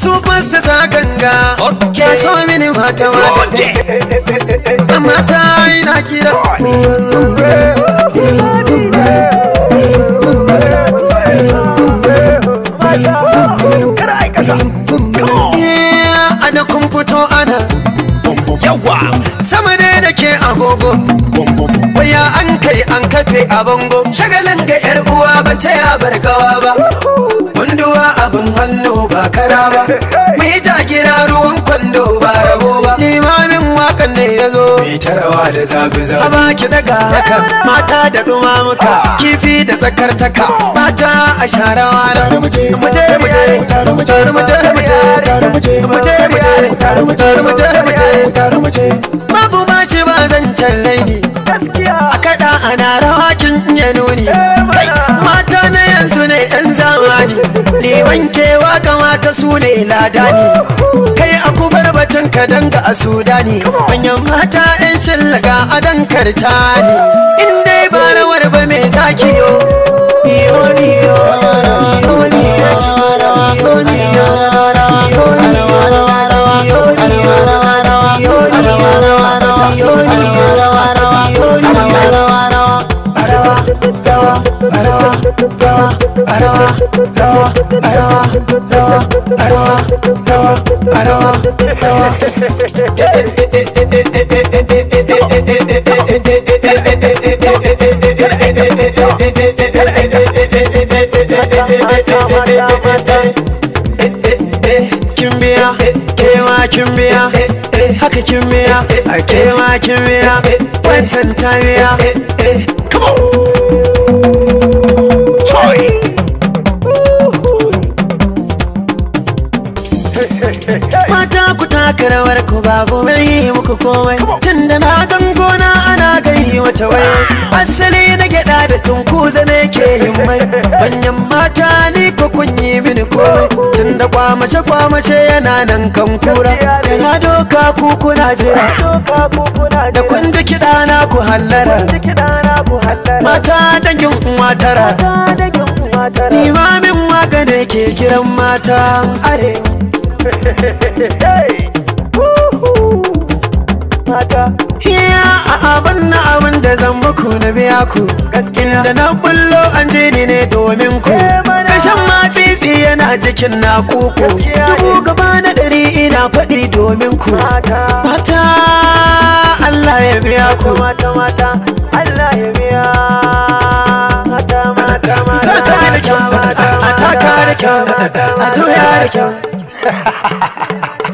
Super ta zaganga Ke so mini mata mata Mata ina kira Ana kun fito ana Yawa sama ne da ke agogo Baya an kai an kafe a bango Shagalin ga 'yar uwa ban taya bargawa ba gyara ba mu yi jagira ruwan kwando ba rabo ba limamin wakan ne ya zo mai tarawa da zabi zabi a baki daga haka mata da dumamuka. kifi da tsakar taka mata a sharawa na muje muje muje muje muje muje muje muje muje muje babu ba ce ba zan challai ni a kaɗa ana rawa kin iya nuni eh, mata na yanzu ne yan zamani ne wankewa kamata su ne ladani kai bar batun ka danga a sudani manyan mata 'yan shillaga a dankar ta ne in dai ba rawar ba mai zai I don't know, I don't know, I don't know, I Kimbiya, kewa kimbiya, haka kimbiya, a kewa kimbiya, wancan tamiya, come on! karwar ku ba gobe yi muku komai tunda na gan gona ana gani wata wai asali na gyada da tunkuza ne ke himmai banyan mata ni ko kun yi mini komai tunda kwamace kwamace yana nan kan kura Ina doka ku kuna jira da kwanda kiɗa na ku hallara mata dangin uwa tara limamin waka ne ke kiran mata are mata hiya a abin na abin da zan muku na biya ku inda na bullo an je ni ne domin ku kashin matsitsi yana jikin na kuku dubu gaba na ɗari ina faɗi domin ku mata Allah ya biya ku mata mata Allah ya biya mata mata mata mata mata mata mata mata mata mata mata mata mata mata mata mata mata